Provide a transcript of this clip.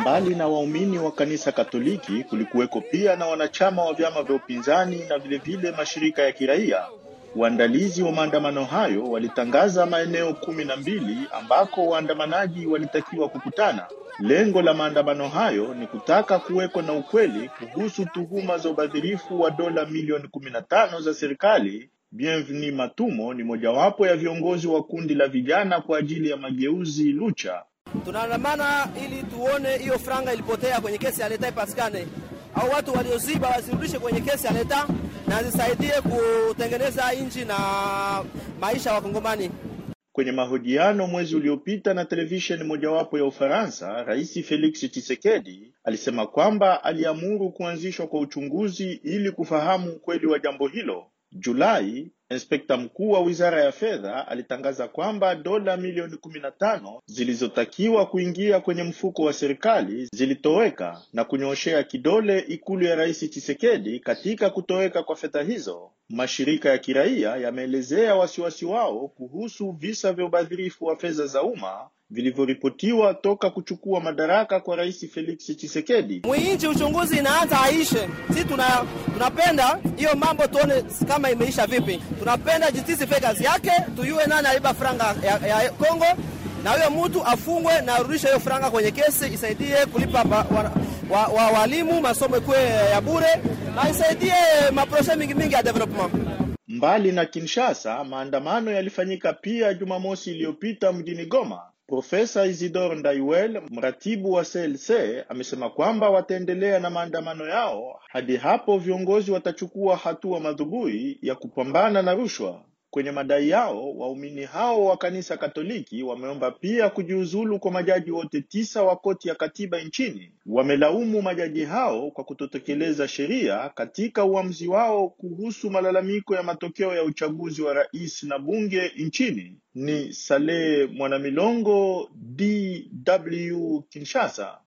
Mbali na waumini wa kanisa Katoliki, kulikuweko pia na wanachama wa vyama vya upinzani na vilevile vile mashirika ya kiraia. Waandalizi wa maandamano hayo walitangaza maeneo kumi na mbili ambako waandamanaji walitakiwa kukutana. Lengo la maandamano hayo ni kutaka kuweko na ukweli kuhusu tuhuma za ubadhirifu wa dola milioni kumi na tano za serikali Bienveni Matumo ni mojawapo ya viongozi wa kundi la vijana kwa ajili ya mageuzi Lucha. Tunaandamana ili tuone hiyo franga ilipotea kwenye kesi ya leta ipatikane, au watu walioziba wazirudishe kwenye kesi ya leta na zisaidie kutengeneza nchi na maisha Wakongomani. Kwenye mahojiano mwezi uliopita na televisheni mojawapo ya Ufaransa, Rais Felix Tshisekedi alisema kwamba aliamuru kuanzishwa kwa uchunguzi ili kufahamu ukweli wa jambo hilo. Julai, inspekta mkuu wa wizara ya fedha alitangaza kwamba dola milioni kumi na tano zilizotakiwa kuingia kwenye mfuko wa serikali zilitoweka na kunyooshea kidole ikulu ya rais Chisekedi katika kutoweka kwa fedha hizo. Mashirika ya kiraia yameelezea wasiwasi wao kuhusu visa vya ubadhirifu wa fedha za umma vilivyoripotiwa toka kuchukua madaraka kwa rais Felix Chisekedi. Mwinchi uchunguzi inaanza aishe, si tuna Tunapenda hiyo mambo tuone kama imeisha vipi. Tunapenda jitisi fanye kazi yake, tuyue nani aliba franga ya, ya Kongo na huyo mtu afungwe na arudishe hiyo franga kwenye kesi, isaidie kulipa ba, wa, wa, wa, walimu masomo ikuwe ya bure na isaidie maproje mingi mingi ya development. Mbali na Kinshasa, maandamano yalifanyika pia Jumamosi iliyopita mjini Goma Profesa Isidore Ndaiwel, mratibu wa CLC, amesema kwamba wataendelea na maandamano yao hadi hapo viongozi watachukua hatua madhubuti ya kupambana na rushwa. Kwenye madai yao, waumini hao wa kanisa Katoliki wameomba pia kujiuzulu kwa majaji wote tisa wa koti ya katiba nchini. Wamelaumu majaji hao kwa kutotekeleza sheria katika uamuzi wao kuhusu malalamiko ya matokeo ya uchaguzi wa rais na bunge nchini. Ni Saleh Mwanamilongo, DW Kinshasa.